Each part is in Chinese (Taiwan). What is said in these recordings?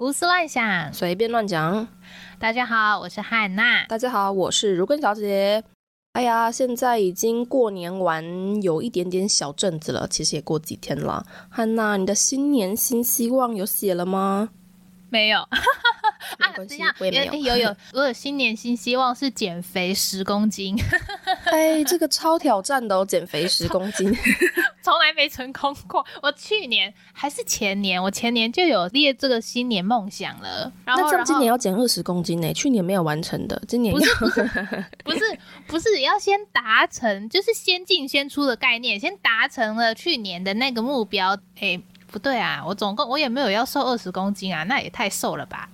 胡思亂想，隨便亂講。大家好，我是漢娜。大家好，我是如根小姐。哎呀，現在已經過年完，有一點點小陣子了，其實也過幾天了。漢娜，你的新年新希望有寫了嗎？沒有， 沒關係，啊，等一下，我也沒有。有有，有，我的新年新希望是減肥十公斤。 哎，這個超挑戰的哦，減肥十公斤。 從來沒成功過。我去年還是前年，我前年就有列這個新年夢想了。然後今年要減二十公斤呢、欸？嗯、去年沒有完成的，今年不是 不是不是不是 要先達成，就是先進先出的概念，先達成了去年的那個目標。哎、欸，不對啊，我總共我也沒有要瘦二十公斤啊，那也太瘦了吧。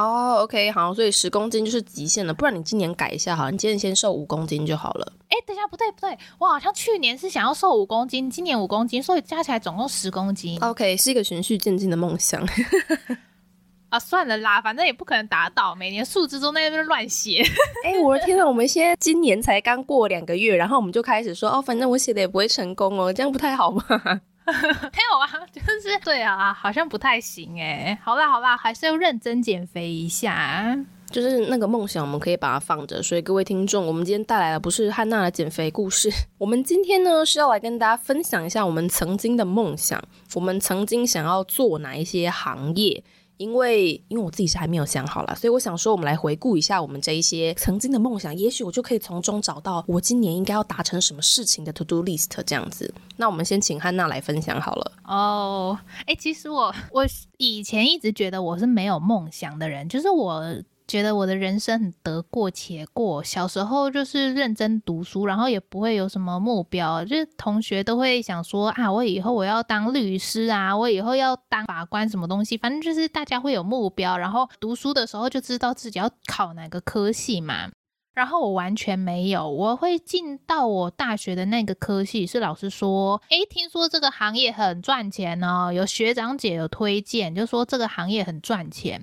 哦、oh，OK，好，所以十公斤就是極限了，不然你今年改一下，好，你今年先瘦五公斤就好了。哎、欸，等一下不對不對，我好像去年是想要瘦五公斤，今年五公斤，所以加起來總共十公斤。OK，是一個循序漸進的夢想。 啊，算了啦，反正也不可能達到，每年數字都在那邊亂寫。哎 欸，我的天吶、啊，我們現在今年才剛過兩個月，然後我們就開始說，哦，反正我寫的也不會成功哦，這樣不太好吧。 沒有啊，就是對啊，好像不太行哎。好啦好啦，還是要認真減肥一下。就是那個夢想，我們可以把它放着。所以各位聽眾，我們今天帶來的不是漢娜的減肥故事，我們今天呢是要來跟大家分享一下我們曾經的夢想，我們曾經想要做哪一些行業。因為，因為我自己是還沒有想好啦，所以我想說，我們來回顧一下我們這一些曾經的夢想，也許我就可以從中找到我今年應該要達成什麼事情的 to do list 這樣子。那我們先請漢娜來分享好了。哦，誒，其實我我以前一直覺得我是沒有夢想的人，就是我。覺得我的人生很得過且過，小時候就是認真讀書，然後也不會有什麼目標，就是同學都會想說啊，我以後我要當律師啊，我以後要當法官什麼東西，反正就是大家會有目標，然後讀書的時候就知道自己要考哪個科系嘛。然後我完全沒有，我會進到我大學的那個科系，是老師說，誒，聽說這個行業很賺錢哦，有學長姐有推薦，就說這個行業很賺錢。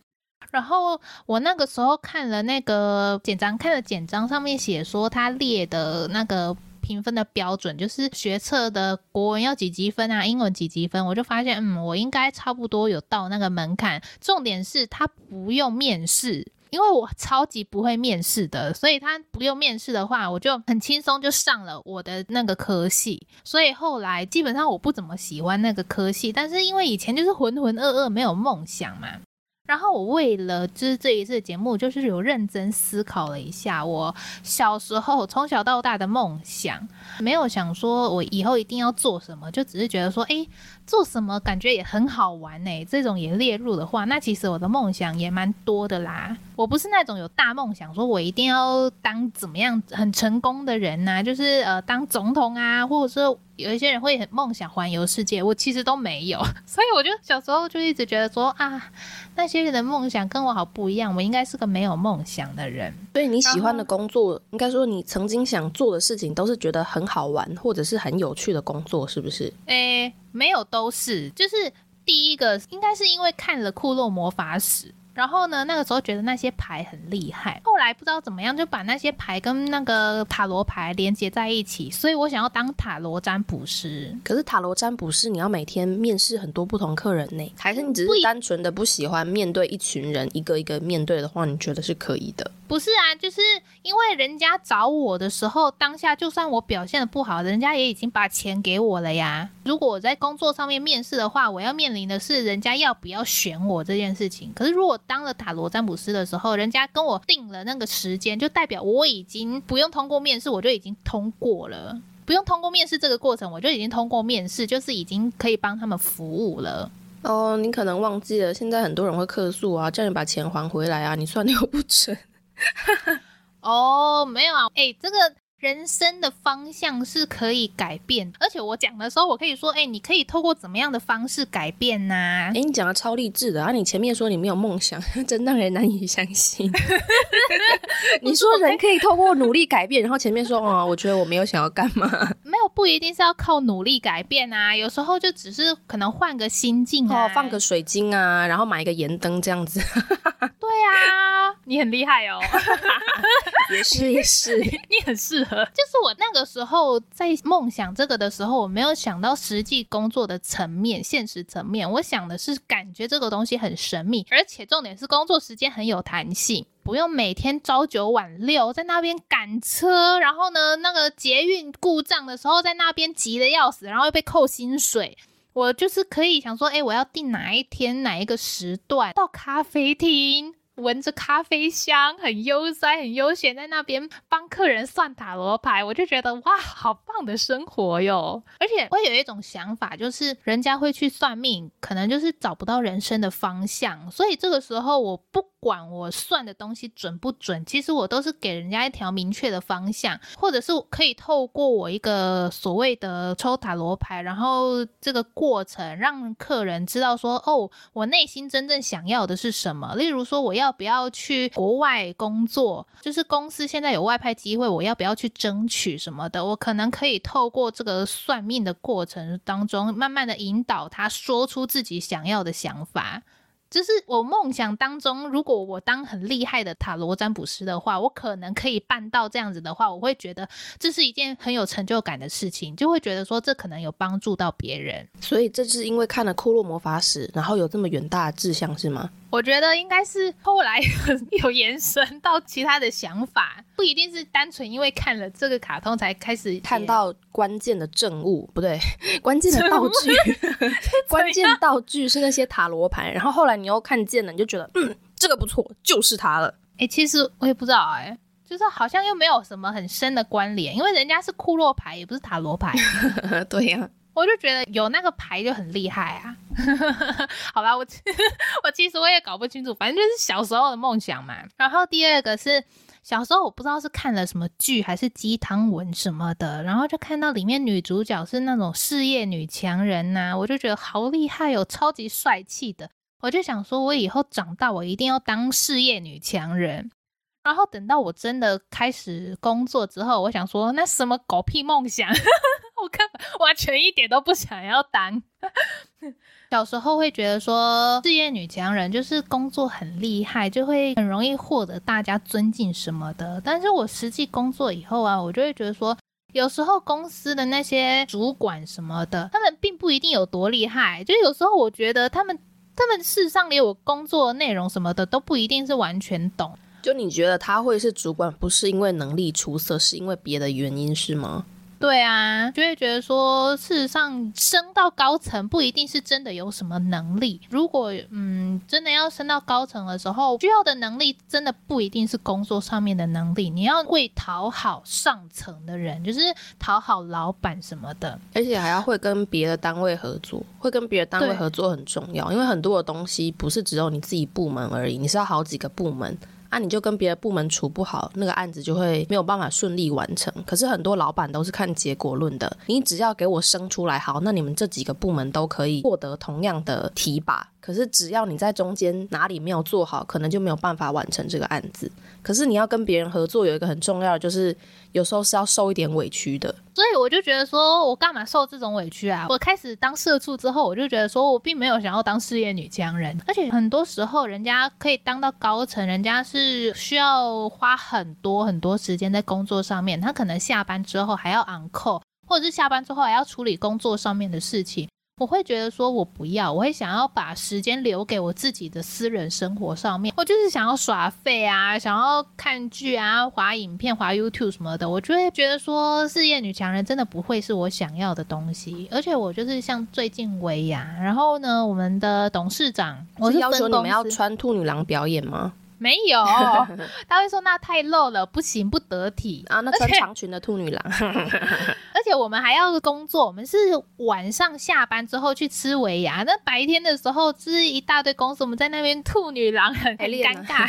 然後我那個時候看了那個簡章，看了簡章上面寫說，他列的那個評分的標準，就是學測的國文要幾級分啊，英文幾級分，我就發現，嗯，我應該差不多有到那個門檻。重點是他不用面試，因為我超級不會面試的，所以他不用面試的話，我就很輕鬆就上了我的那個科系。所以後來基本上我不怎麼喜歡那個科系，但是因為以前就是渾渾噩噩，沒有夢想嘛。然後我為了就是這一次的節目，就是有認真思考了一下，我小時候從小到大的夢想，沒有想說我以後一定要做什麼，就只是覺得說，誒，做什麼感覺也很好玩欸？這種也列入的話，那其實我的夢想也蠻多的啦。我不是那種有大夢想，說我一定要當怎麼樣很成功的人吶，就是呃當總統啊，或者說有一些人會很夢想環遊世界，我其實都沒有。所以我就小時候就一直覺得說啊，那些。別人的夢想跟我好不一樣，我應該是個沒有夢想的人。所以你喜歡的工作，uh huh. 應該說你曾經想做的事情，都是覺得很好玩或者是很有趣的工作，是不是？誒、欸，沒有，都是，就是第一個，應該是因為看了《庫洛魔法使》。然後呢？那個時候覺得那些牌很厲害，後來不知道怎麼樣，就把那些牌跟那個塔羅牌連接在一起。所以我想要當塔羅占卜師。可是塔羅占卜師，你要每天面試很多不同客人呢？欸？還是你只是單純的不喜歡面對一群人，一個一個面對的話，你覺得是可以的？不是啊，就是因為人家找我的時候，當下就算我表現得不好，人家也已經把錢給我了呀。如果我在工作上面面試的話，我要面臨的是人家要不要選我這件事情。可是如果當了塔羅占卜師的時候，人家跟我定了那個時間，就代表我已經不用通過面試，我就已經通過了，不用通過面試這個過程，我就已經通過面試，就是已經可以幫他們服務了。哦，你可能忘記了，現在很多人會客訴啊，叫你把錢還回來啊，你算的又不準。 哦，沒有啊，誒、欸，這個。人生的方向是可以改變，而且我講的時候，我可以說，哎，你可以透過怎麼樣的方式改變呢？哎，你講的超勵志的啊！你前面說你沒有夢想，真讓人難以相信。 你說人可以透過努力改變，然後前面說， 哦，我覺得我沒有想要幹嘛，沒有，不一定是要靠努力改變啊，有時候就只是可能換個心境哦，放個水晶啊，然後買一個鹽燈這樣子。 對啊，你很厲害哦。 也是也是，你很適合。就是我那個時候在夢想這個的時候，我沒有想到實際工作的層面、現實層面。我想的是，感覺這個東西很神秘，而且重點是工作時間很有彈性，不用每天朝九晚六在那邊趕車，然後呢，那個捷運故障的時候在那邊急得要死，然後又被扣薪水。我就是可以想說，哎、欸，我要定哪一天、哪一個時段到咖啡廳。聞着咖啡香，很悠哉，很悠閒，在那邊幫客人算塔羅牌，我就覺得哇，好棒的生活喲！而且我有一種想法，就是人家會去算命，可能就是找不到人生的方向，所以這個時候我不管我算的東西準不準，其實我都是給人家一條明確的方向，或者是可以透過我一個所謂的抽塔羅牌，然後這個過程讓客人知道說，哦，我內心真正想要的是什麼，例如說我要。要不要去國外工作？就是公司現在有外派機會，我要不要去爭取什麼的？我可能可以透過這個算命的過程當中，慢慢的引導他說出自己想要的想法。就是我夢想當中，如果我當很厲害的塔羅占卜師的話，我可能可以辦到這樣子的話，我會覺得這是一件很有成就感的事情，就會覺得說這可能有幫助到別人。所以這是因為看了《庫洛魔法使》，然後有這麼遠大的志向是嗎？我覺得應該是後來有延伸到其他的想法，不一定是單純因為看了這個卡通才開始看到關鍵的證物，不對，關鍵的道具，麼關鍵道具是那些塔羅牌，然後後來你又看見了，你就覺得嗯，這個不錯，就是它了。誒、欸，其實我也不知道、欸，誒，就是好像又沒有什麼很深的關聯，因為人家是庫洛牌，也不是塔羅牌， 對呀、啊，我就覺得有那個牌就很厲害啊。 好吧，我 我其實我也搞不清楚，反正就是小時候的夢想嘛。然後第二個是小時候我不知道是看了什麼劇還是雞湯文什麼的，然後就看到裡面女主角是那種事業女強人吶、啊，我就覺得好厲害哦，有超級帥氣的。我就想說，我以後長大我一定要當事業女強人。然後等到我真的開始工作之後，我想說，那什麼狗屁夢想， 我看完全一點都不想要當。 小時候會覺得說，事業女強人就是工作很厲害，就會很容易獲得大家尊敬什麼的。但是我實際工作以後啊，我就會覺得說，有時候公司的那些主管什麼的，他們並不一定有多厲害。就有時候我覺得他們，他們事實上連我工作內容什麼的都不一定是完全懂。就你覺得他會是主管，不是因為能力出色，是因為別的原因，是嗎？對啊，就會覺得說，事實上升到高層不一定是真的有什麼能力。如果嗯，真的要升到高層的時候，需要的能力真的不一定是工作上面的能力，你要會討好上層的人，就是討好老板什麼的，而且還要會跟別的單位合作。會跟別的單位合作很重要，對因為很多的東西不是只有你自己部門而已，你是要好幾個部門。那、啊、你就跟別的部門處不好，那個案子就會沒有辦法順利完成。可是很多老板都是看結果論的，你只要給我生出來好，那你們這幾個部門都可以獲得同樣的提拔。可是，只要你在中間哪裡沒有做好，可能就沒有辦法完成這個案子。可是，你要跟別人合作，有一個很重要的就是，有時候是要受一點委屈的。所以，我就覺得說，我幹嘛受這種委屈啊？我開始當社畜之後，我就覺得說我並沒有想要當事業女強人，而且很多時候人家可以當到高層，人家是需要花很多很多時間在工作上面，他可能下班之後還要 on call，或者是下班之後還要處理工作上面的事情。我會覺得說，我不要，我會想要把時間留給我自己的私人生活上面。我就是想要耍廢啊，想要看劇啊，滑影片、滑 YouTube 什麼的。我就會覺得說，事業女強人真的不會是我想要的東西。而且我就是像最近薇婭，然後呢，我們的董事長，我是，是要求你們要穿兔女郎表演嗎？沒有，他會說，那太露了，不行，不得體啊。那穿長裙的兔女郎而，而且我們還要工作，我們是晚上下班之後去吃尾牙，那白天的時候是一大堆公司，我們在那邊兔女郎很，很尷尬。哎、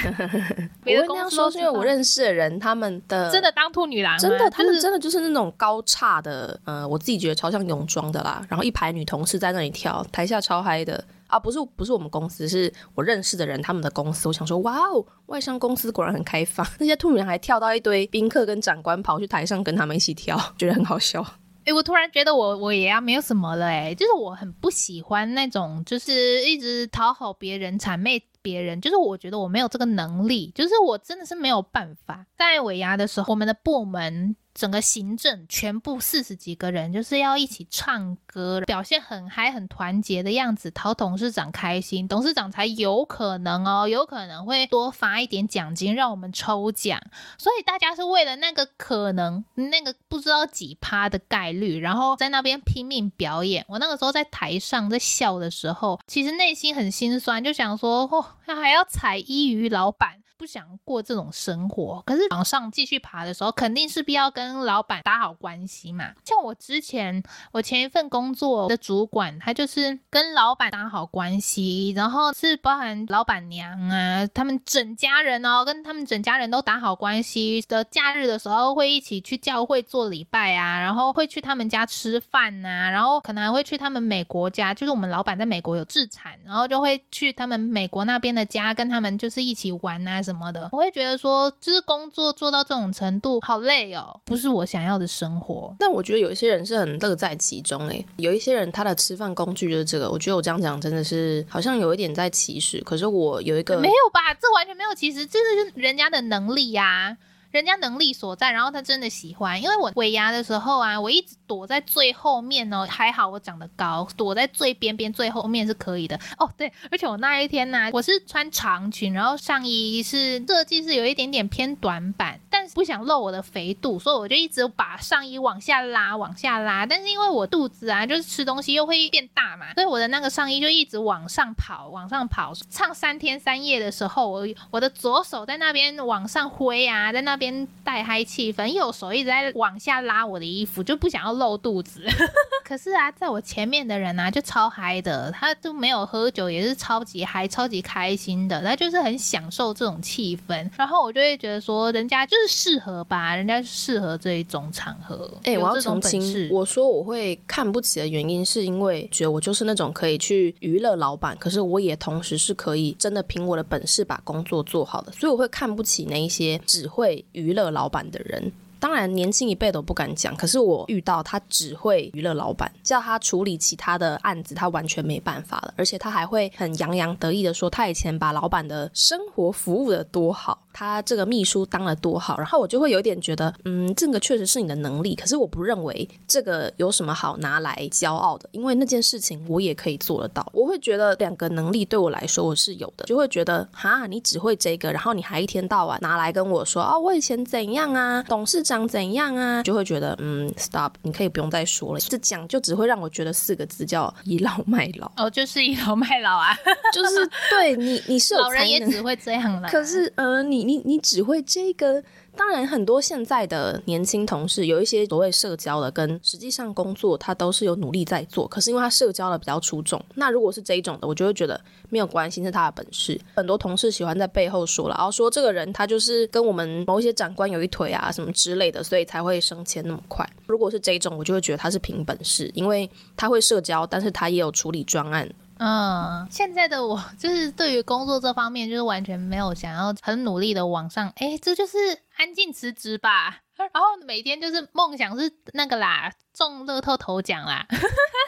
別的這樣說，是因為我認識的人，他們的真的當兔女郎，真的他們真的就是那種高差的，嗯、就是呃，我自己覺得超像泳裝的啦。然後一排女同事在那裡跳，台下超嗨的。啊，不是不是我們公司，是我認識的人他們的公司。我想說，哇哦，外商公司果然很開放，那些兔女郎還跳到一堆賓客跟長官跑去台上跟他們一起跳，覺得很好笑。誒、欸，我突然覺得我我也要沒有什麼了誒、欸，就是我很不喜歡那種就是一直討好別人、諂媚別人，就是我覺得我沒有這個能力，就是我真的是沒有辦法在尾牙的時候，我們的部門。整個行政全部四十幾個人，就是要一起唱歌，表現很嗨、很團結的樣子，討董事長開心，董事長才有可能哦，有可能會多發一點獎金讓我們抽獎。所以大家是為了那個可能，那個不知道幾趴的概率，然後在那邊拼命表演。我那個時候在台上在笑的時候，其實內心很心酸，就想說，要、哦、還要踩一魚老闆。不想過這種生活，可是往上繼續爬的時候，肯定是必要跟老板打好關係嘛。像我之前，我前一份工作的主管，他就是跟老板打好關係，然後是包含老板娘啊，他們整家人哦，跟他們整家人都打好關係的。假日的時候會一起去教會做禮拜啊，然後會去他們家吃飯啊，然後可能還會去他們美國家，就是我們老板在美國有自產，然後就會去他們美國那邊的家，跟他們就是一起玩啊。什麼的，我會覺得說，就是工作做到這種程度，好累哦不是我想要的生活。但我覺得有一些人是很樂在其中哎、欸，有一些人他的吃飯工具就是這個，我覺得我這樣講真的是好像有一點在歧視。可是我有一個，沒有吧，這完全沒有歧視，這是人家的能力呀、啊，人家能力所在，然後他真的喜歡。因為我尾牙的時候啊，我一直。躲在最後面哦，還好我長得高，躲在最邊邊最後面是可以的哦。對，而且我那一天呢、啊，我是穿長裙，然後上衣是設計是有一點點偏短版，但是不想露我的肥肚，所以我就一直把上衣往下拉，往下拉。但是因為我肚子啊，就是吃東西又會變大嘛，所以我的那個上衣就一直往上跑，往上跑。唱三天三夜的時候，我我的左手在那邊往上揮啊，在那邊帶嗨氣氛，右手一直在往下拉我的衣服，就不想要露。露肚子， 可是啊，在我前面的人呢、啊，就超嗨的，他都沒有喝酒，也是超級嗨，超級開心的，他就是很享受這種氣氛。然後我就會覺得說，人家就是適合吧，人家適合這一種場合。哎，欸，我要重新，我說我會看不起的原因，是因為覺得我就是那種可以去娛樂老闆，可是我也同時是可以真的憑我的本事把工作做好的，所以我會看不起那一些只會娛樂老闆的人。當然，年輕一輩都不敢講。可是我遇到他只會娛樂老闆，叫他處理其他的案子，他完全沒辦法了。而且他還會很洋洋得意的說，他以前把老闆的生活服務得多好。他這個秘書當得多好，然後我就會有點覺得，嗯，這個確實是你的能力，可是我不認為這個有什麼好拿來驕傲的，因為那件事情我也可以做得到。我會覺得兩個能力對我來說我是有的，就會覺得，哈，你只會這個，然後你還一天到晚拿來跟我說，哦，我以前怎樣啊，董事長怎樣啊，就會覺得，嗯，stop，你可以不用再說了，這講就只會讓我覺得四個字叫倚老賣老。哦，就是倚老賣老啊， 就是對你，你是有老人也只會這樣了。可是，而、呃、你。你你只會這個，當然很多現在的年輕同事，有一些所謂社交的，跟實際上工作他都是有努力在做，可是因為他社交的比較出眾。那如果是這種的，我就會覺得沒有關係，是他的本事。很多同事喜歡在背後說了，然、哦、後說這個人他就是跟我們某一些長官有一腿啊，什麼之類的，所以才會升遷那麼快。如果是這種，我就會覺得他是憑本事，因為他會社交，但是他也有處理專案。嗯，現在的我就是對於工作這方面，就是完全沒有想要很努力的往上，哎、欸，這就是安靜辭職吧。然後每天就是夢想是那個啦，中樂透頭獎啦，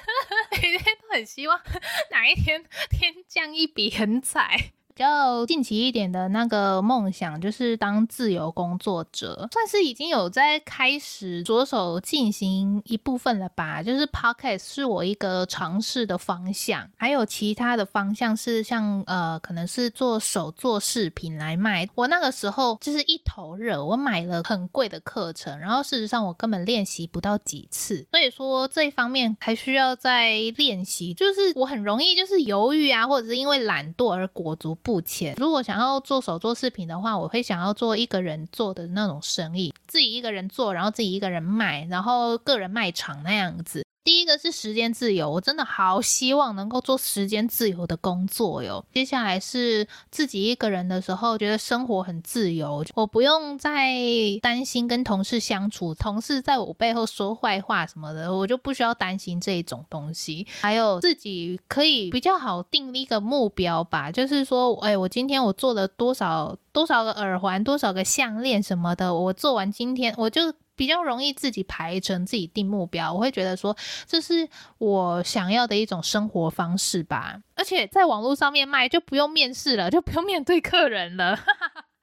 每天都很希望哪一天天降一筆橫財。比較近期一點的那個夢想就是當自由工作者，算是已經有在開始着手進行一部分了吧。就是 podcast 是我一個嘗試的方向，還有其他的方向是像呃，可能是做手作飾品來賣。我那個時候就是一頭熱，我買了很貴的課程，然後事實上我根本練習不到幾次，所以說這一方面還需要再練習。就是我很容易就是猶豫啊，或者是因為懶惰而裹足。不淺。如果想要做手作飾品的話，我會想要做一個人做的那種生意，自己一個人做，然後自己一個人賣，然後個人賣場那樣子。第一個是時間自由，我真的好希望能夠做時間自由的工作喲。接下來是自己一個人的時候，覺得生活很自由，我不用再擔心跟同事相處，同事在我背後說壞話什麼的，我就不需要擔心這一種東西。還有自己可以比較好定立一個目標吧，就是說，欸，我今天我做了多少多少個耳環，多少個項鏈什麼的，我做完今天我就。比較容易自己排程，自己定目標，我會覺得說這是我想要的一種生活方式吧。而且在網絡上面賣，就不用面試了，就不用面對客人了。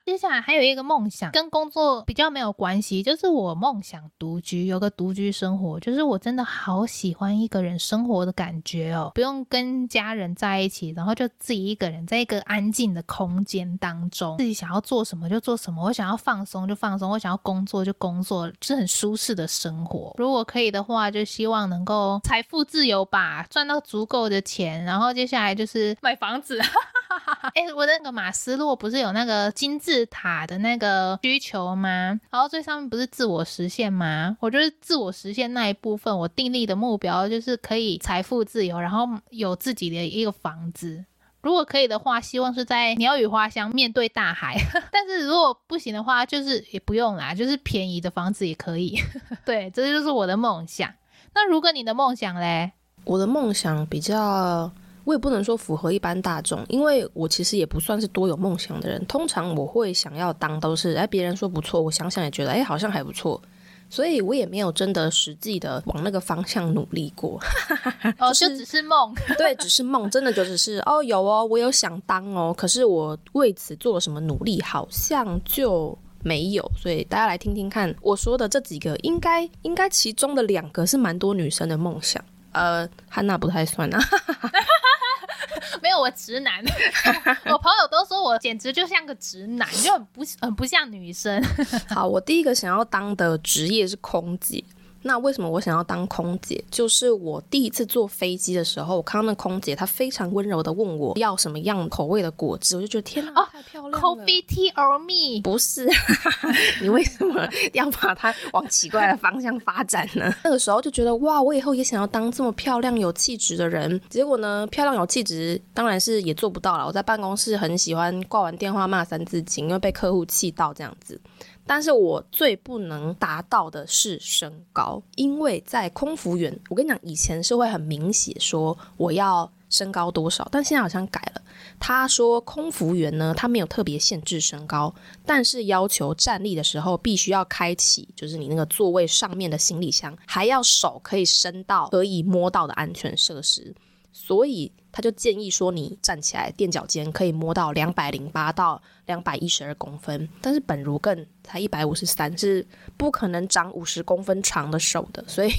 接下來還有一個夢想，跟工作比較沒有關係，就是我夢想獨居，有個獨居生活。就是我真的好喜歡一個人生活的感覺哦，不用跟家人在一起，然後就自己一個人在一個安靜的空間當中，自己想要做什麼就做什麼，我想要放鬆就放鬆，我想要工作就工作，就是很舒適的生活。如果可以的話，就希望能夠財富自由吧，賺到足夠的錢，然後接下來就是買房子。 哈哈哈！哎、 欸，我的那個馬斯洛不是有那個金字塔的那個需求嗎？然後最上面不是自我實現嗎？我就是自我實現那一部分，我訂立的目標就是可以財富自由，然後有自己的一個房子。如果可以的話，希望是在鳥語花香、面對大海。 但是如果不行的話，就是也不用啦，就是便宜的房子也可以。 對，這就是我的夢想。那如果你的夢想嘞？我的夢想比較。我也不能說符合一般大眾，因為我其實也不算是多有夢想的人。通常我會想要當都是哎，別人說不錯，我想想也覺得哎，好像還不錯，所以我也沒有真的實際的往那個方向努力過， 就是、哦，就只是夢。 對，只是夢，真的就只是哦，有哦，我有想當哦，可是我為此做了什麼努力，好像就沒有。所以大家來聽聽看，我說的這幾個，應該應該其中的兩個是蠻多女生的夢想，呃，漢娜不太算啊。 我直男， 我朋友都說我簡直就像個直男，就很不很不像女生 好，我第一個想要當的職業是空姐。那為什麼我想要當空姐？就是我第一次坐飛機的時候，我看到那空姐她非常溫柔的問我要什麼樣口味的果汁，我就覺得天哪，啊、太漂亮了。哦、Coffee tea or me？不是，哈哈 你為什麼要把它往奇怪的方向發展呢？ 那個時候就覺得哇，我以後也想要當這麼漂亮有氣質的人。結果呢，漂亮有氣質當然是也做不到了。我在辦公室很喜歡掛完電話罵三字經，因為被客戶氣到這樣子。但是我最不能達到的是身高，因為在空服員，我跟你講，以前是會很明顯說我要身高多少，但現在好像改了。他說空服員呢，他沒有特別限制身高，但是要求站立的時候必須要開啟，就是你那個座位上面的行李箱，還要手可以伸到可以摸到的安全設施，所以。他就建議說，你站起來墊腳尖可以摸到兩百零八到兩百一十二公分，但是本如更才一百五十三，是不可能長五十公分長的手的，所以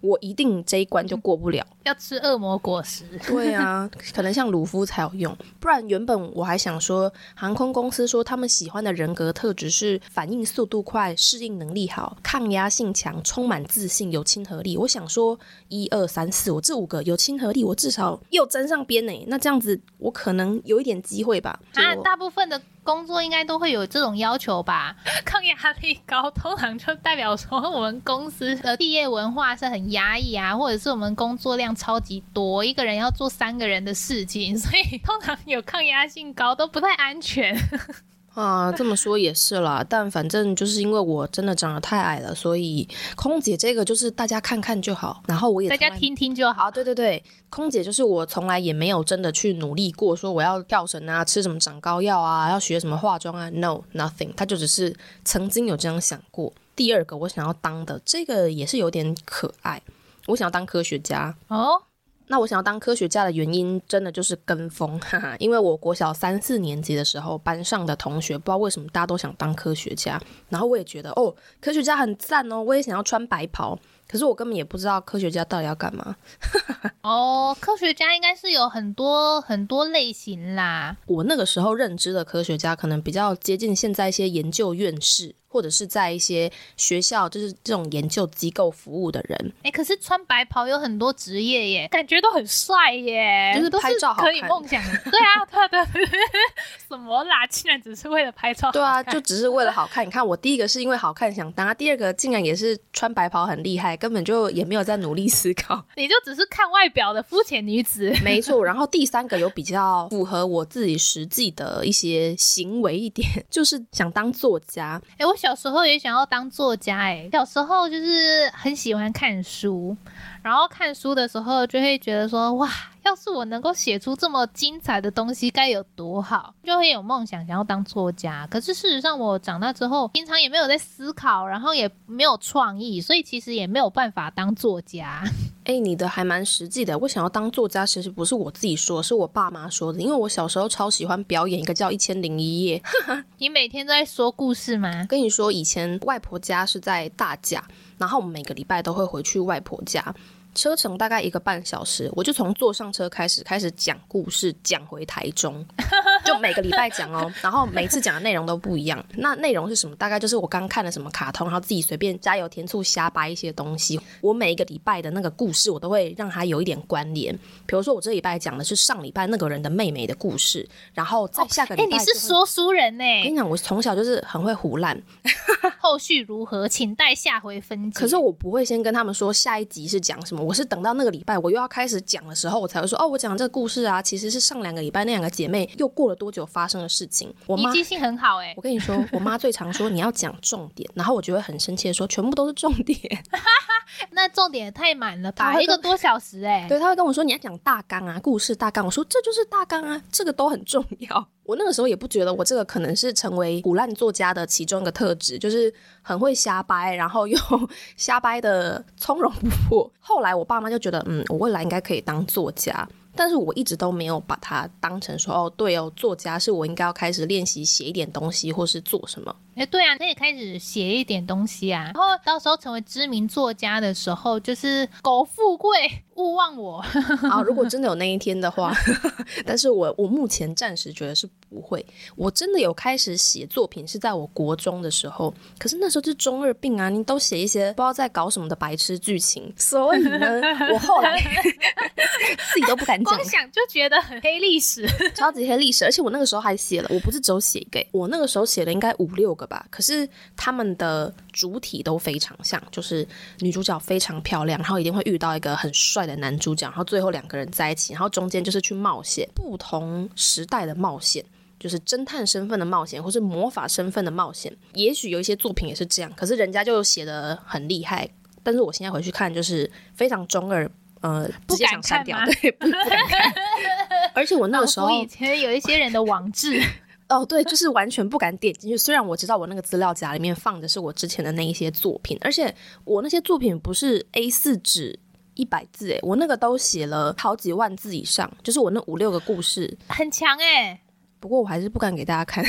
我一定這一關就過不了。要吃惡魔果實？ 對啊，可能像魯夫才有用，不然原本我還想說，航空公司說他們喜歡的人格特質是反應速度快、適應能力好、抗壓性強、充滿自信、有親和力。我想說一二三四，我這五個有親和力，我至少又沾上上邊呢？那這樣子，我可能有一點機會吧。那大部分的工作應該都會有這種要求吧？啊、求吧抗壓力高，通常就代表說我們公司的企業文化是很壓抑啊，或者是我們工作量超級多，一個人要做三個人的事情，所以通常有抗壓性高都不太安全。 啊，這麼說也是啦。 但反正就是因為我真的長得太矮了，所以空姐這個就是大家看看就好。然後我也大家聽聽就好。啊，對對對，空姐就是我從來也沒有真的去努力過，說我要跳繩啊，吃什麼長高藥啊，要學什麼化妝啊，no nothing。他就只是曾經有這樣想過。第二個我想要當的這個也是有點可愛，我想要當科學家哦。那我想要當科學家的原因，真的就是跟風，哈哈。因為我國小三四年級的時候，班上的同學不知道為什麼大家都想當科學家，然後我也覺得哦，科學家很讚哦，我也想要穿白袍。可是我根本也不知道科學家到底要幹嘛，哈哈。哦，科學家應該是有很多很多類型啦。我那個時候認知的科學家，可能比較接近現在一些研究院士。或者是在一些學校，就是這種研究機構服務的人。哎、欸，可是穿白袍有很多職業耶，感覺都很帥耶，就是拍照都是可以夢想 對、啊。對啊，對啊對、啊， 什麼啦？竟然只是為了拍照？對啊，就只是為了好看。 你看，我第一個是因為好看想當、啊，第二個竟然也是穿白袍很厲害，根本就也沒有在努力思考，你就只是看外表的膚淺女子。 沒錯，然後第三個有比較符合我自己實際的一些行為一點，就是想當作家。哎、欸，我。我小時候也想要當作家。哎、欸，小時候就是很喜歡看書。然後看書的時候就會覺得說哇，要是我能夠寫出這麼精彩的東西該有多好，就會有夢想，想要當作家。可是事實上，我長大之後，平常也沒有在思考，然後也沒有創意，所以其實也沒有辦法當作家。哎、欸，你的還蠻實際的。我想要當作家，其實不是我自己說，是我爸媽說的。因為我小時候超喜歡表演一個叫《一千零一夜》，你每天都在說故事嗎？跟你說，以前外婆家是在大甲，然後我們每個禮拜都會回去外婆家。車程大概一個半小時，我就從坐上車開始開始講故事，講回台中，就每個禮拜講哦， 然後每次講的內容都不一樣。那內容是什麼？大概就是我剛看了什麼卡通，然後自己隨便加油添醋瞎掰一些東西。我每一個禮拜的那個故事，我都會讓它有一點關聯。比如說，我這禮拜講的是上禮拜那個人的妹妹的故事，然後在下個禮拜哎、哦欸，你是說書人呢、欸？我跟你講，我從小就是很會唬爛。後續如何，請待下回分解。可是我不會先跟他們說下一集是講什麼，我是等到那個禮拜我又要開始講的時候，我才會說哦，我講的這個故事啊，其實是上兩個禮拜那兩個姐妹又過了多久發生的事情。我媽你記性很好哎、欸，我跟你說，我媽最常說你要講重點， 然後我就會很生氣的說全部都是重點， 那重點也太滿了吧，把一個多小時哎、欸，對，她會跟我說你要講大綱啊，故事大綱，我說這就是大綱啊，這個都很重要。我那個時候也不覺得我這個可能是成為古爛作家的其中一個特質，就是很會瞎掰，然後又 瞎掰的從容不迫。後來我爸媽就覺得，嗯，我未來應該可以當作家，但是我一直都沒有把它當成說，哦，對哦，作家是我應該要開始練習寫一點東西，或是做什麼。哎，對啊，可以開始寫一點東西啊，然後到時候成為知名作家的時候，就是苟富貴，勿忘我。好，如果真的有那一天的話，但是我我目前暫時覺得是不會。我真的有開始寫作品是在我國中的時候，可是那時候就中二病啊，你都寫一些不知道在搞什麼的白痴劇情，所以呢，我後來 自己都不敢講，想就覺得很黑歷史，超級黑歷史。而且我那個時候還寫了，我不是只有寫一個，我那個時候寫了應該五六個。吧，可是他們的主題都非常像，就是女主角非常漂亮，然後一定會遇到一個很帥的男主角，然後最後兩個人在一起，然後中間就是去冒險，不同時代的冒險，就是偵探身份的冒險，或是魔法身份的冒險。也許有一些作品也是這樣，可是人家就寫得很厲害。但是我現在回去看，就是非常中二，嗯、呃，直接想刪掉，對，不，不敢看 而且我那個時候以前有一些人的網誌。 哦，oh, 對，就是完全不敢點進去。雖然我知道我那個資料夾裡面放的是我之前的那一些作品，而且我那些作品不是 A 四紙一百字誒，我那個都寫了好幾萬字以上，就是我那五六個故事很強誒，不過我還是不敢給大家看，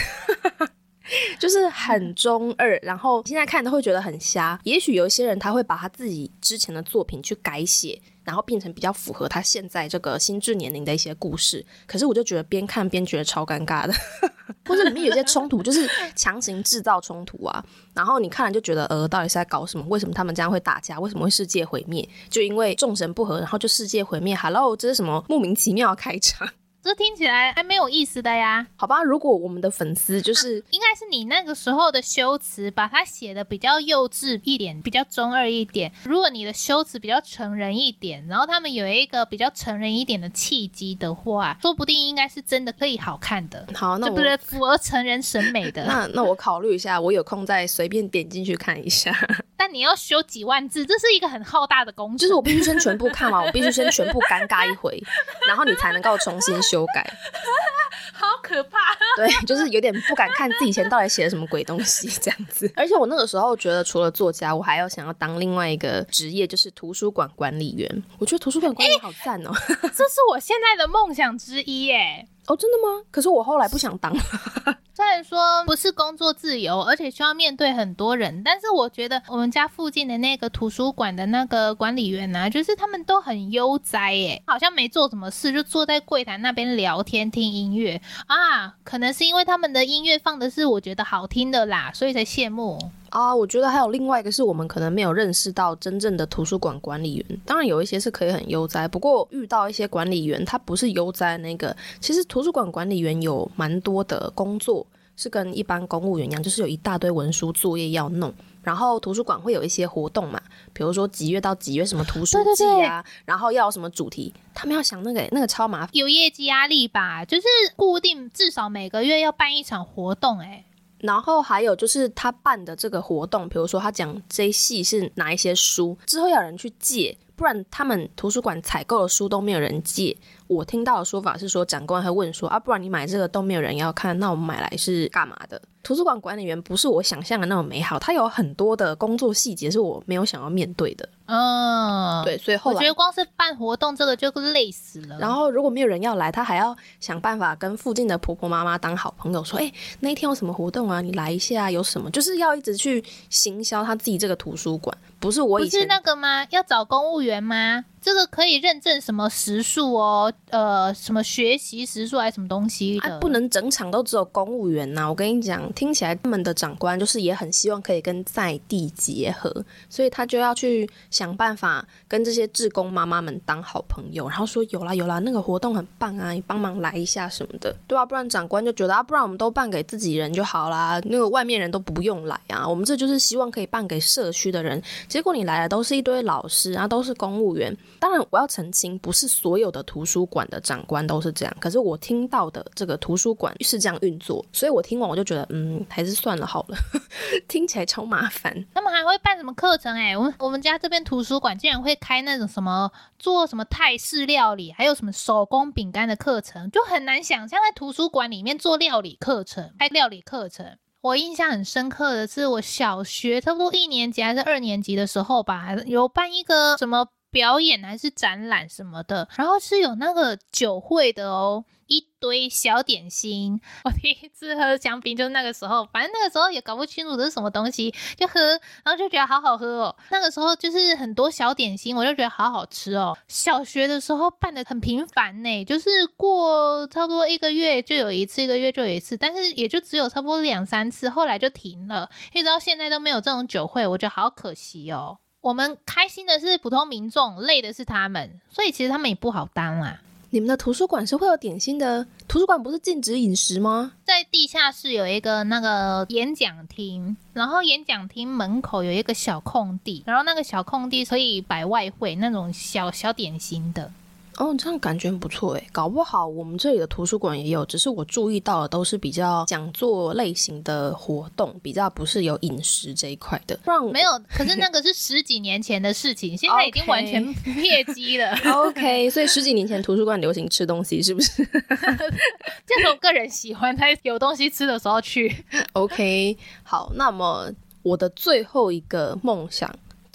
就是很中二，的然後現在看都會覺得很瞎。也許有一些人他會把他自己之前的作品去改寫。然後變成比較符合他現在這個心智年齡的一些故事，可是我就覺得邊看邊覺得超尷尬的， 或者裡面有一些衝突，就是強行製造衝突啊。然後你看了就覺得，呃，到底是在搞什麼？為什麼他們這樣會打架？為什麼會世界毀滅？就因為眾神不合，然後就世界毀滅。哈囉，這是什麼莫名其妙開場？這聽起來還蠻有意思的呀？好吧，如果我們的粉絲就是，啊、應該是你那個時候的修辭，把它寫的比較幼稚一點，比較中二一點。如果你的修辭比較成人一點，然後他們有一個比較成人一點的契機的話，說不定應該是真的可以好看的。好，那我就不是符合成人審美的。 那那我考慮一下，我有空再隨便點進去看一下。但你要修幾萬字，這是一個很浩大的工作。就是我必須先全部看完，我必須先全部尷尬一回，然後你才能夠重新修改。 好可怕！對，就是有點不敢看自己以前到底寫了什麼鬼東西這樣子。而且我那個時候覺得，除了作家，我還要想要當另外一個職業，就是圖書館管理員。我覺得圖書館管理員好讚哦。喔欸，這是我現在的夢想之一耶。哦，oh, 真的嗎？可是我後來不想當， 雖然說不是工作自由，而且需要面對很多人，但是我覺得我們家附近的那個圖書館的那個管理員呢、啊，就是他們都很悠哉誒，好像沒做什麼事，就坐在櫃檯那邊聊天聽音樂啊，可能是因為他們的音樂放的是我覺得好聽的啦，所以才羨慕。啊，我覺得還有另外一個是我們可能沒有認識到真正的圖書館管理員。當然有一些是可以很悠哉，不過遇到一些管理員，他不是悠哉那個。其實圖書館管理員有蠻多的工作，是跟一般公務員一樣，就是有一大堆文書作業要弄。然後圖書館會有一些活動嘛，比如說幾月到幾月什麼圖書季啊，對對對。然後要什麼主題，他們要想那個、欸、那個超麻煩，有業績壓力吧？就是固定至少每個月要辦一場活動，欸，哎。然後還有就是他辦的這個活動，比如說他講這一系是哪一些書，之後要有人去借，不然他們圖書館採購的書都沒有人借。我聽到的說法是說，長官還問說啊，不然你買這個都沒有人要看，那我們買來是幹嘛的？圖書館管理員不是我想象的那麼美好，他有很多的工作細節是我沒有想要面對的。嗯，uh, 對，所以後來我覺得光是辦活動這個就累死了。然後如果沒有人要來，他還要想辦法跟附近的婆婆媽媽當好朋友，說：“哎、欸，那一天有什麼活動啊？你來一下啊，有什麼？”就是要一直去行銷他自己這個圖書館。不是我以前？不是那個嗎？要找公務員嗎？這個可以認證什麼時數哦？呃，什麼學習時數還是什麼東西的，哎？不能整場都只有公務員吶，啊！我跟你講，聽起來他們的長官就是也很希望可以跟在地結合，所以他就要去想辦法跟這些志工媽媽們當好朋友，然後說有啦有啦，那個活動很棒啊，你幫忙來一下什麼的。對啊，不然長官就覺得啊，不然我們都辦給自己人就好啦，那個外面人都不用來啊。我們這就是希望可以辦給社區的人。結果你來的都是一堆老師啊，然後都是公務員。當然，我要澄清，不是所有的圖書館的長官都是這樣。可是我聽到的這個圖書館是這樣運作，所以我聽完我就覺得，嗯，還是算了好了， 聽起來超麻煩。他們還會辦什麼課程？欸？哎，我我們家這邊圖書館竟然會開那種什麼做什麼泰式料理，還有什麼手工餅乾的課程，就很難想象在圖書館裡面做料理課程，開料理課程。我印象很深刻的是，我小學差不多一年級還是二年級的時候吧，有辦一個什麼表演還是展覽什麼的，然後是有那個酒會的哦，一堆小點心。我第一次喝香檳，就是那個時候，反正那個時候也搞不清楚這是什麼東西，就喝，然後就覺得好好喝哦。那個時候就是很多小點心，我就覺得好好吃哦。小學的時候辦的很頻繁呢，就是過差不多一個月就有一次，一個月就有一次，但是也就只有差不多兩三次，後來就停了，一直到現在都沒有這種酒會，我覺得好可惜哦。我們開心的是普通民眾，累的是他們，所以其實他們也不好當啦、啊。你們的圖書館是會有點心的，圖書館不是禁止飲食嗎？在地下室有一個那個演講廳，然後演講廳門口有一個小空地，然後那個小空地可以擺外匯那種小小點心的。哦，這樣感覺很不錯哎，搞不好我們這裡的圖書館也有，只是我注意到的都是比較講座類型的活動，比較不是有飲食這一塊的。沒有，可是那個是十幾年前的事情， 現在已經完全滅跡了。Okay. OK，所以十幾年前圖書館流行吃東西是不是？這是我個人喜歡，在有東西吃的時候去。 OK，好，那麼我的最後一個夢想。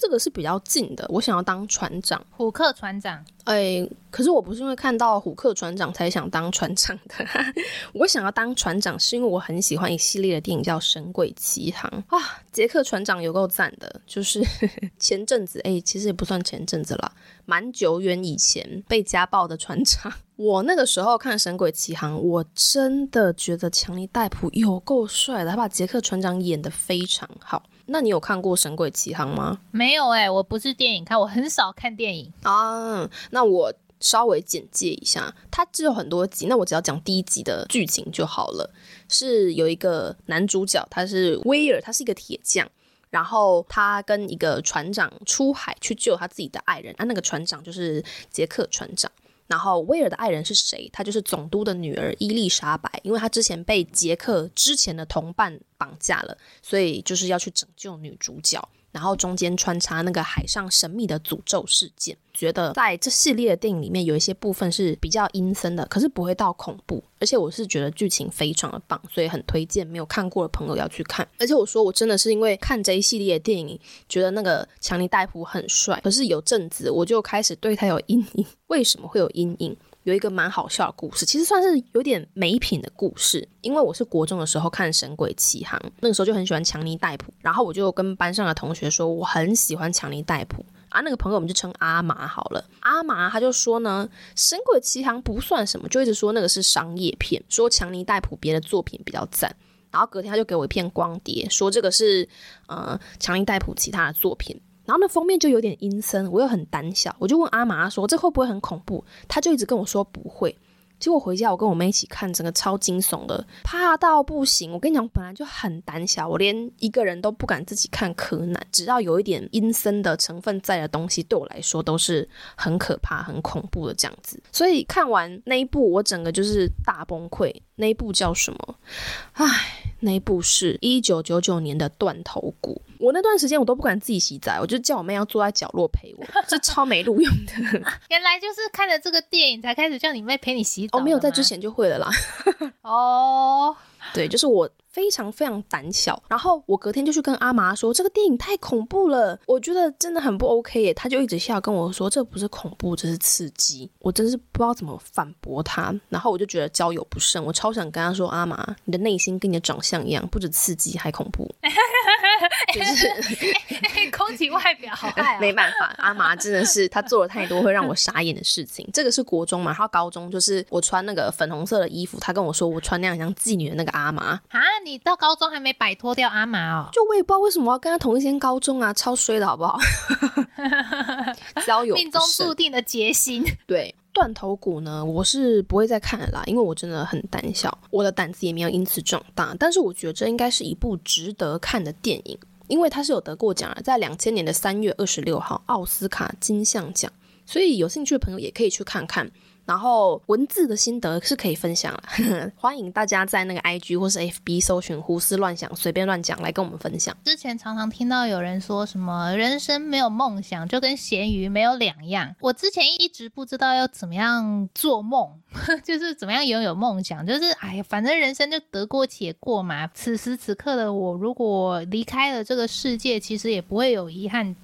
這個是比較近的。我想要當船長，虎克船長。誒、欸，可是我不是因為看到虎克船長才想當船長的。呵呵，我想要當船長，是因為我很喜歡一系列的電影叫《神鬼奇航》啊。傑克船長有夠讚的，就是呵呵，前陣子，誒、欸，其實也不算前陣子了，蠻久遠以前被家暴的船長。我那個時候看《神鬼奇航》，我真的覺得強尼戴普有夠帥的，他把傑克船長演得非常好。那你有看過《神鬼奇航》嗎？沒有哎、欸，我不是電影看，我很少看電影啊。Uh, 那我稍微簡介一下，它只有很多集，那我只要講第一集的劇情就好了。是有一個男主角，他是威爾，他是一個鐵匠，然後他跟一個船長出海去救他自己的愛人，啊，那個船長就是傑克船長。然後威爾的愛人是誰？他就是總督的女兒伊麗莎白，因為她之前被傑克之前的同伴綁架了，所以就是要去拯救女主角。然後中間穿插那個海上神秘的詛咒事件，覺得在這系列的電影裡面有一些部分是比較陰森的，可是不會到恐怖。而且我是覺得劇情非常的棒，所以很推薦沒有看過的朋友要去看。而且我說我真的是因為看這一系列的電影，覺得那個強尼戴普很帥，可是有陣子我就開始對他有陰影。為什麼會有陰影？有一個蠻好笑的故事，其實算是有點沒品的故事，因為我是國中的時候看《神鬼奇航》，那個時候就很喜歡強尼戴普，然後我就跟班上的同學說我很喜歡強尼戴普啊，那個朋友我們就稱阿瑪好了，阿瑪他就說呢，《神鬼奇航》不算什麼，就一直說那個是商業片，說強尼戴普別的作品比較讚，然後隔天他就給我一片光碟，說這個是呃強尼戴普其他的作品。然後那封面就有點陰森，我又很膽小，我就問阿嬤說：“這會不會很恐怖？”他就一直跟我說不會。結果回家我跟我妹一起看，整個超驚悚的，怕到不行。我跟你講，本來就很膽小，我連一個人都不敢自己看柯南。只要有一點陰森的成分在的東西，對我來說都是很可怕、很恐怖的這樣子。所以看完那一部，我整個就是大崩潰。那一部叫什麼？唉，那一部是一九九九年的《斷頭谷》。我那段時間，我都不敢自己洗澡，我就叫我妹要坐在角落陪我，這超沒路用的。 原來就是看了這個電影才開始叫你妹陪你洗澡哦？沒有在之前就會了啦。哦 ，oh. 對，就是我。非常非常膽小，然後我隔天就去跟阿麻說，這個電影太恐怖了，我覺得真的很不 OK 耶。他就一直笑跟我說，這不是恐怖，這是刺激，我真是不知道怎麼反駁他。然後我就覺得交友不慎，我超想跟他說阿麻，你的內心跟你的長相一樣，不止刺激還恐怖。就 是 攻擊外表好，啊，沒辦法，阿麻真的是他做了太多會讓我傻眼的事情。 這個是國中嘛，然後高中就是我穿那個粉紅色的衣服，他跟我說我穿那樣像妓女的那個阿麻你到高中還沒擺脫掉阿媽哦，就我也不知道為什麼要跟他同一間高中啊，超衰的好不好？ 交友不慎 命中注定的決心。對，斷頭谷呢，我是不會再看了啦，因為我真的很膽小，我的膽子也沒有因此壯大。但是我覺得這應該是一部值得看的電影，因為它是有得過獎了，在兩千年的三月二十六號奧斯卡金像獎，所以有興趣的朋友也可以去看看。然後文字的心得是可以分享了， 歡迎大家在那個 I G 或是 F B 搜尋“胡思亂想”，隨便亂講來跟我們分享。之前常常聽到有人說什麼人生沒有夢想就跟鹹魚沒有兩樣，我之前一直不知道要怎麼樣做夢，就是怎麼樣擁有夢想，就是哎呀，反正人生就得過且過嘛。此時此刻的我，如果離開了這個世界，其實也不會有遺憾。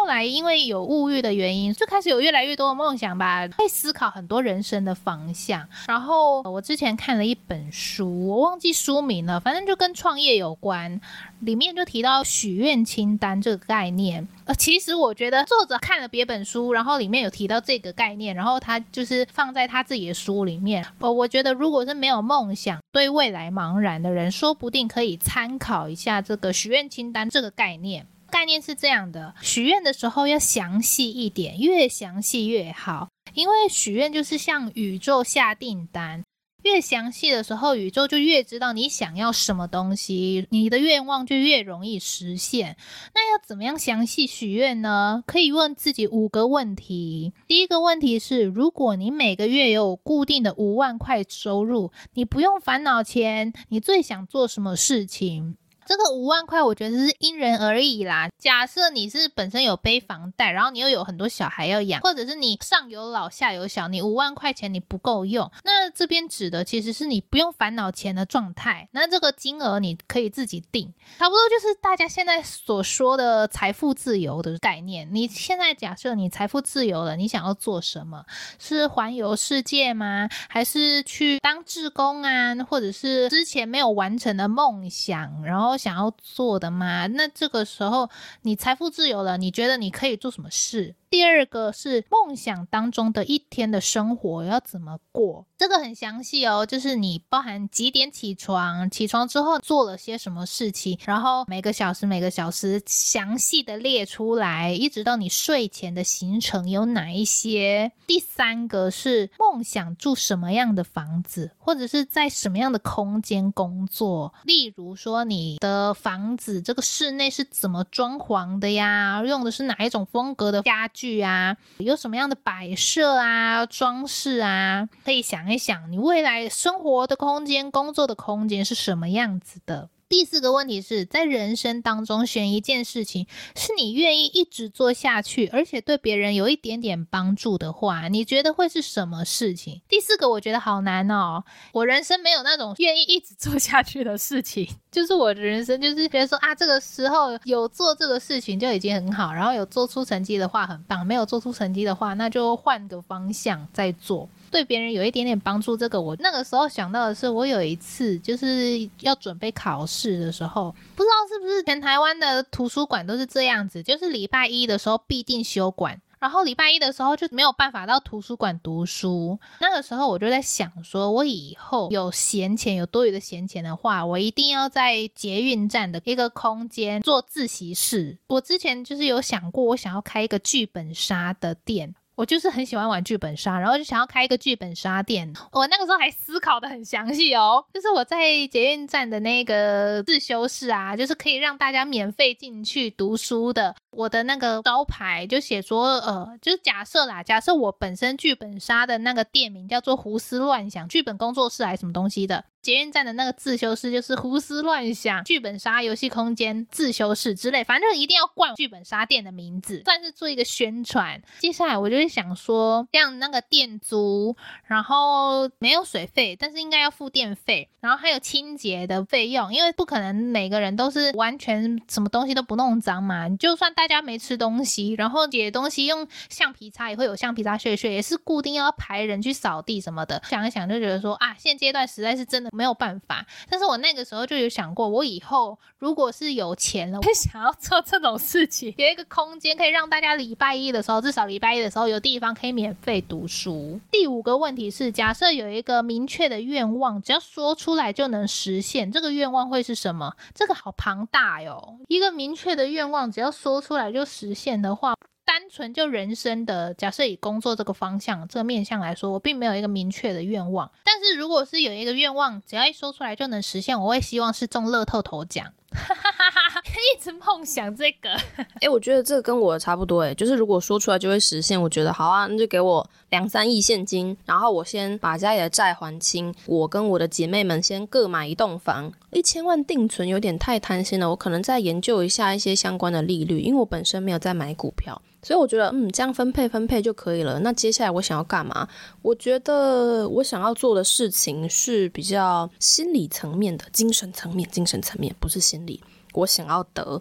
後來因為有物欲的原因，就開始有越來越多的夢想吧，會思考很多人生的方向。然後我之前看了一本書，我忘記書名了，反正就跟創業有關，裡面就提到許願清單這個概念。呃，其實我覺得作者看了別本書，然後裡面有提到這個概念，然後他就是放在他自己的書裡面。我我覺得如果是沒有夢想、對未來茫然的人，說不定可以參考一下這個許願清單這個概念。概念是這樣的，許願的時候要詳細一點，越詳細越好，因為許願就是向宇宙下訂單，越詳細的時候，宇宙就越知道你想要什麼東西，你的願望就越容易實現。那要怎麼樣詳細許願呢？可以問自己五個問題。第一個問題是，如果你每個月有固定的五萬塊收入，你不用煩惱錢，你最想做什麼事情？這個五萬塊，我覺得是因人而異啦。假設你是本身有背房貸，然後你又有很多小孩要養，或者是你上有老下有小，你五萬塊錢你不夠用。那這邊指的其實是你不用煩惱錢的狀態。那這個金額你可以自己定，差不多就是大家現在所說的財富自由的概念。你現在假設你財富自由了，你想要做什麼？是環遊世界嗎？還是去當志工啊？或者是之前沒有完成的夢想，然後想要做的嘛？那這個時候你財富自由了，你覺得你可以做什麼事？第二個是夢想當中的一天的生活要怎麼過？這個很詳細哦，就是你包含幾點起床，起床之後做了些什麼事情，然後每個小時每個小時詳細的列出來，一直到你睡前的行程有哪一些。第三個是夢想住什麼樣的房子，或者是在什麼樣的空間工作，例如說你的房子這個室內是怎麼裝潢的呀，用的是哪一種風格的家具啊，有什麼樣的擺設啊，裝飾啊，可以想。夢想你未來生活的空間、工作的空間是什麼樣子的？第四個問題是在人生當中選一件事情，是你願意一直做下去，而且對別人有一點點幫助的話，你覺得會是什麼事情？第四個我覺得好難哦，我人生沒有那種願意一直做下去的事情，就是我的人生就是覺得說啊，這個時候有做這個事情就已經很好，然後有做出成績的話很棒，沒有做出成績的話，那就換個方向再做。對別人有一點點幫助，這個我那個時候想到的是，我有一次就是要準備考試的時候，不知道是不是全台灣的圖書館都是這樣子，就是禮拜一的時候必定休館，然後禮拜一的時候就沒有辦法到圖書館讀書。那個時候我就在想，說我以後有閒錢，有多餘的閒錢的話，我一定要在捷運站的一個空間做自習室。我之前就是有想過，我想要開一個劇本殺的店。我就是很喜歡玩劇本殺，然後就想要開一個劇本殺店。我那個時候還思考得很詳細哦，就是我在捷運站的那個自修室啊，就是可以讓大家免費進去讀書的。我的那個招牌就寫說，呃，就是假設啦，假設我本身劇本殺的那個店名叫做“胡思亂想劇本工作室”還是什麼東西的。捷運站的那個自修室就是胡思亂想、劇本殺、遊戲空間、自修室之類，反正一定要冠劇本殺店的名字，算是做一個宣傳。接下來我就是想說，像那個店租，然後沒有水費，但是應該要付電費，然後還有清潔的費用，因為不可能每個人都是完全什麼東西都不弄髒嘛。就算大家沒吃東西，然後這些東西用橡皮擦也會有橡皮擦屑屑，也是固定要排人去掃地什麼的。想一想就覺得說啊，現階段實在是真的。沒有辦法，但是我那個時候就有想過，我以後如果是有錢了，我想要做這種事情，有一個空間可以讓大家禮拜一的時候，至少禮拜一的時候有地方可以免費讀書。第五個問題是，假設有一個明確的願望，只要說出來就能實現，這個願望會是什麼？這個好龐大喲！一個明確的願望，只要說出來就實現的話。單純就人生的假設，以工作這個方向、這個面向來說，我並沒有一個明確的願望。但是，如果是有一個願望，只要一說出來就能實現，我會希望是中樂透頭獎。 一直夢想這個。哎、欸，我覺得這個跟我差不多、欸。哎，就是如果說出來就會實現，我覺得好啊，那就給我兩三億現金，然後我先把家裡的債還清，我跟我的姐妹們先各買一棟房，一千萬定存有點太貪心了，我可能再研究一下一些相關的利率，因為我本身沒有在買股票。所以我覺得，嗯，這樣分配分配就可以了。那接下來我想要幹嘛？我覺得我想要做的事情是比較心理層面的、精神層面、精神層面，不是心理。我想要得，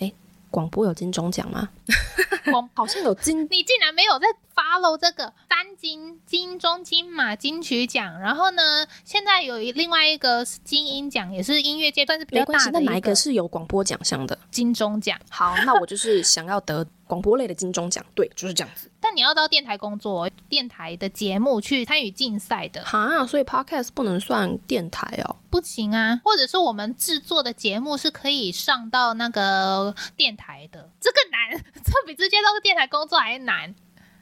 哎，廣播有金鐘獎嗎？我廣 好像有金，你竟然沒有在，follow 這個三金金鐘金馬金曲獎，然後呢，現在有另外一個金音獎，也是音樂界，算是比較大的。那哪一個是有廣播獎項的？金鐘獎。好，那我就是想要得廣播類的金鐘獎。 對，就是這樣子。但你要到電台工作，電台的節目去參與競賽的。哈、啊，所以 podcast 不能算電台哦。不行啊，或者是我們制作的節目是可以上到那個電台的。這個難，這比直接到電台工作還難。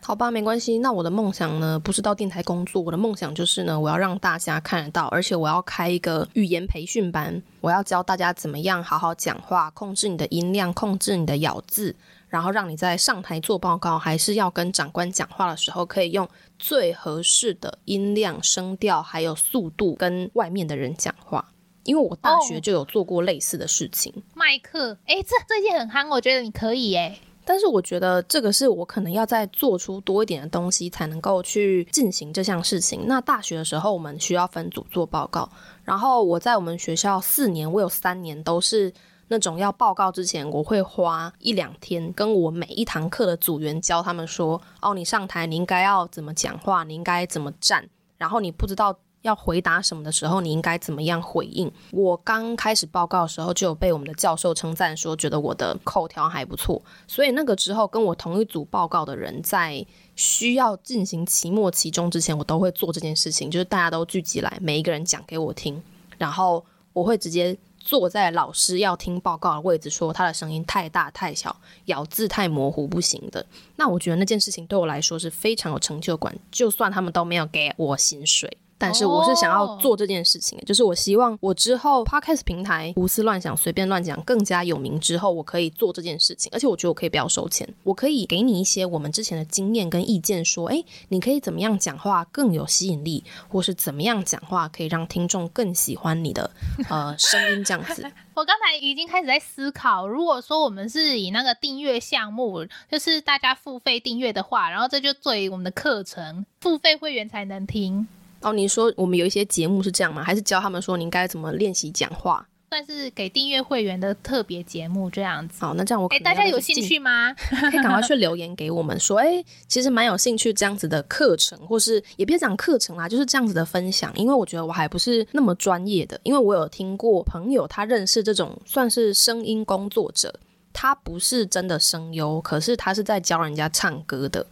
好吧，沒關係。那我的夢想呢？不是到電台工作，我的夢想就是呢，我要讓大家看得到，而且我要開一個語言培訓班，我要教大家怎麼樣好好講話，控制你的音量，控制你的咬字，然後讓你在上台做報告，還是要跟長官講話的時候，可以用最合適的音量、聲調還有速度跟外面的人講話。因為我大學就有做過類似的事情。麥、哦、克，哎、欸，這這些很夯，我覺得你可以哎、欸。但是我覺得這個是我可能要再做出多一點的東西，才能夠去進行這項事情。那大學的時候，我們需要分組做報告，然後我在我們學校四年，我有三年都是那種要報告之前，我會花一兩天跟我每一堂課的組員，教他們說：“哦，你上台你應該要怎麼講話，你應該怎麼站。”然後你不知道，要回答什麼的時候，你應該怎麼樣回應？我剛開始報告的時候，就有被我們的教授稱讚，說覺得我的口條還不錯。所以那個之後，跟我同一組報告的人在需要進行期末、期中之前，我都會做這件事情，就是大家都聚集來，每一個人講給我聽，然後我會直接坐在老師要聽報告的位置，說他的聲音太大、太小，咬字太模糊，不行的。那我覺得那件事情對我來說是非常有成就感，就算他們都沒有給我薪水。但是我是想要做這件事情，oh. 就是我希望我之後 Podcast 平台胡思亂想隨便亂講更加有名之後，我可以做這件事情，而且我覺得我可以不要收錢，我可以給你一些我們之前的經驗跟意見說，說、欸、誒，你可以怎麼樣講話更有吸引力，或是怎麼樣講話可以讓聽眾更喜歡你的呃聲音這樣子。 我剛才已經開始在思考，如果說我們是以那個訂閱項目，就是大家付費訂閱的話，然後這就作為我們的課程，付費會員才能聽。哦，你說我們有一些節目是這樣嗎？還是教他們說您該怎麼練習講話？算是給訂閱會員的特別節目這樣子。好，哦，那這樣我，給大家有興趣嗎？ 可以趕快去留言給我們說，誒，其實蠻有興趣這樣子的課程，或是也別講課程啦，就是這樣子的分享。因為我覺得我還不是那麼專業的，因為我有聽過朋友他認識這種算是聲音工作者，他不是真的聲優，可是他是在教人家唱歌的。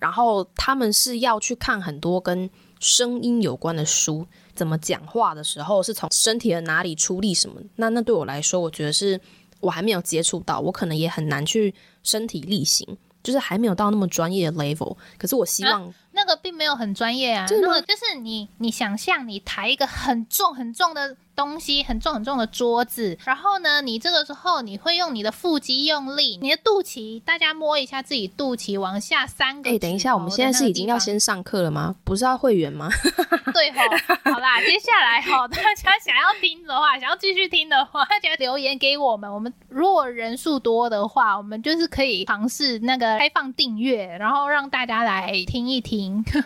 然後他們是要去看很多跟。聲音有關的書，怎麼講話的時候是從身體的哪裡出力什麼？那那對我來說，我覺得是我還沒有接觸到，我可能也很難去身體力行，就是還沒有到那麼專業的 level。可是我希望、啊、那個並沒有很專業啊，就是嗎就是你你想象你抬一個很重很重的。東西很重很重的桌子，然後呢，你這個時候你會用你的腹肌用力，你的肚臍，大家摸一下自己肚臍往下三個，個。哎、欸，等一下，我們現在是已經要先上課了嗎？不是要會員嗎？ 對齁，好啦，接下來好，大家想要聽的話， 想要繼續聽的話，大家留言給我們，我們如果人數多的話，我們就是可以嘗試那個開放訂閱，然後讓大家來聽一聽。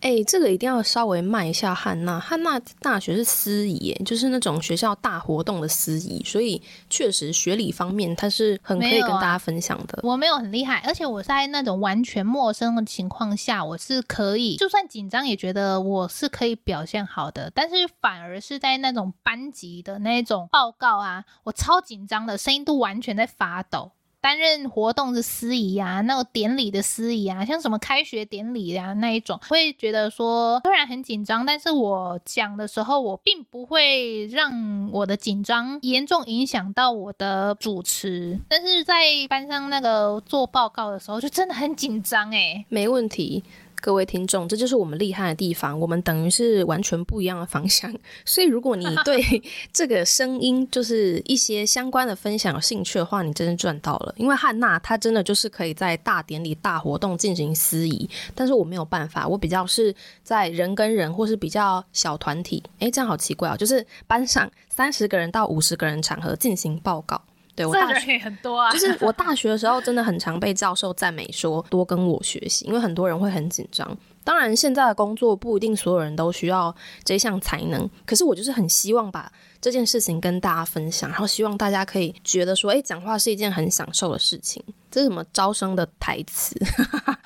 哎，這個一定要稍微慢一下漢娜。漢娜大學是司儀耶，就是那種學校大活動的司儀，所以確實學理方面他是很可以、啊、跟大家分享的。我沒有很厲害，而且我在那種完全陌生的情況下，我是可以，就算緊張也覺得我是可以表現好的。但是反而是在那種班級的那種報告啊，我超緊張的，聲音都完全在發抖。擔任活動的司儀啊，那個典禮的司儀啊，像什麼開學典禮啊那一種，會覺得說雖然很緊張，但是我講的時候我並不會讓我的緊張嚴重影響到我的主持。但是在班上那個做報告的時候，就真的很緊張誒，沒問題。各位聽眾，這就是我們厲害的地方。我們等於是完全不一樣的方向。所以，如果你對這個聲音就是一些相關的分享有興趣的話，你真的賺到了。因為漢娜她真的就是可以在大典禮、大活動進行司儀，但是我沒有辦法，我比較是在人跟人或是比較小團體。誒，這樣好奇怪啊、哦！就是班上三十個人到五十個人場合進行報告。對我大學很多啊，就是我大學的時候真的很常被教授讚美說，說多跟我學習，因為很多人會很緊張。當然，現在的工作不一定所有人都需要這項才能，可是我就是很希望把這件事情跟大家分享，然後希望大家可以覺得說，誒、欸，講話是一件很享受的事情。這是什麼招生的台詞？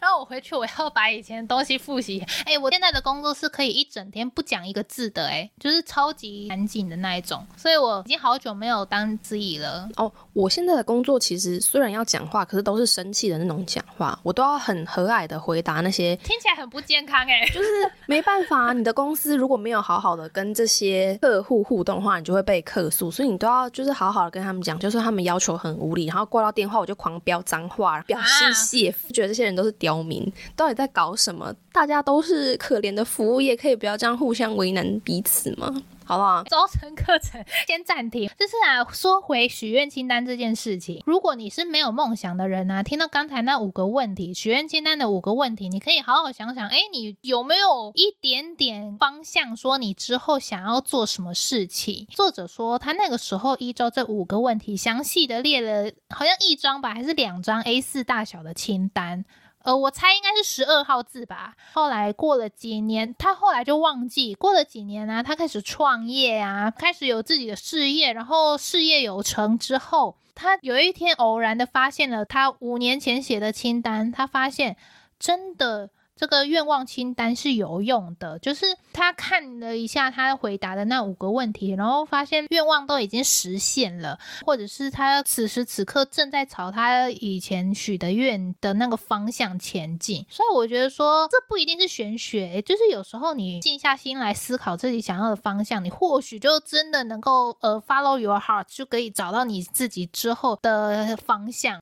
然後我回去，我要把以前的東西複習。哎、欸，我現在的工作是可以一整天不講一個字的、欸，哎,就是超級安靜的那一種。所以我已經好久沒有當自己了。哦，我現在的工作其實雖然要講話，可是都是生氣的那種講話，我都要很和藹的回答那些聽起來很不健康，欸。哎， 就是沒辦法，你的公司如果沒有好好的跟這些客戶互動的話，你就會被客訴。所以你都要就是好好的跟他們講，就是他們要求很無理，然後掛到電話我就狂飆髒話，表現謝。我、啊、覺得這些人。都是刁民，到底在搞什麼？大家都是可憐的服務業，可以不要這樣互相為難彼此嗎？好不好？招生課程先暫停。這是啊，說回許願清單這件事情，如果你是沒有夢想的人呢、啊，聽到剛才那五個問題，許願清單的五個問題，你可以好好想想，哎、欸，你有沒有一點點方向，說你之後想要做什麼事情？作者說他那個時候依照這五個問題，詳細的列了好像一張吧，還是兩張 A 四大小的清單。呃，我猜應該是十二號字吧。後來過了幾年，他後來就忘記。過了幾年呢、啊，他開始創業啊，開始有自己的事業。然後事業有成之後，他有一天偶然的發現了他五年前寫的清單，他發現真的。這個願望清單是有用的，就是他看了一下他回答的那五個問題，然後發現願望都已經實現了，或者是他此時此刻正在朝他以前許的願的那個方向前進。所以我覺得說，這不一定是玄學，就是有時候你靜下心來思考自己想要的方向，你或許就真的能夠呃 follow your heart，就可以找到你自己之後的方向。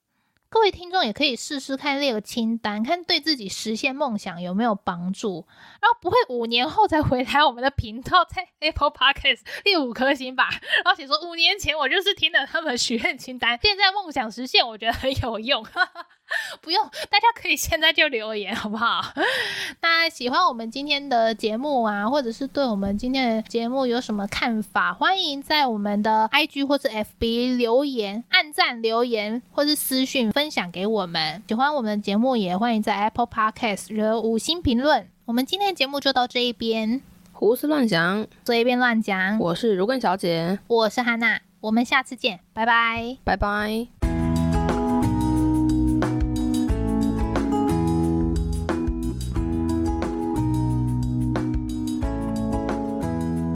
各位聽眾也可以試試看列個清單，看對自己實現夢想有沒有幫助。然後不會五年後才回來我們的頻道，在 Apple Podcast 第五顆星吧。然後寫說五年前我就是聽了他們許願清單，現在夢想實現，我覺得很有用。 不用，大家可以現在就留言，好不好？ 那喜歡我們今天的節目啊，或者是對我們今天的節目有什麼看法，歡迎在我們的 IG 或者 FB 留言、按讚留言，或是私訊分享給我們。喜歡我們的節目也歡迎在 Apple Podcasts 留五星評論。我們今天的節目就到這一邊，胡思亂想，隨便亂講。我是如根小姐，我是漢娜，我們下次見，拜拜，拜拜。